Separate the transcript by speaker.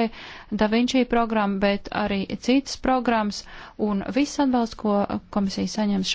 Speaker 1: tikai DaVinci programma, bet arī citas programmas un viss atbalsts, ko komisija saņems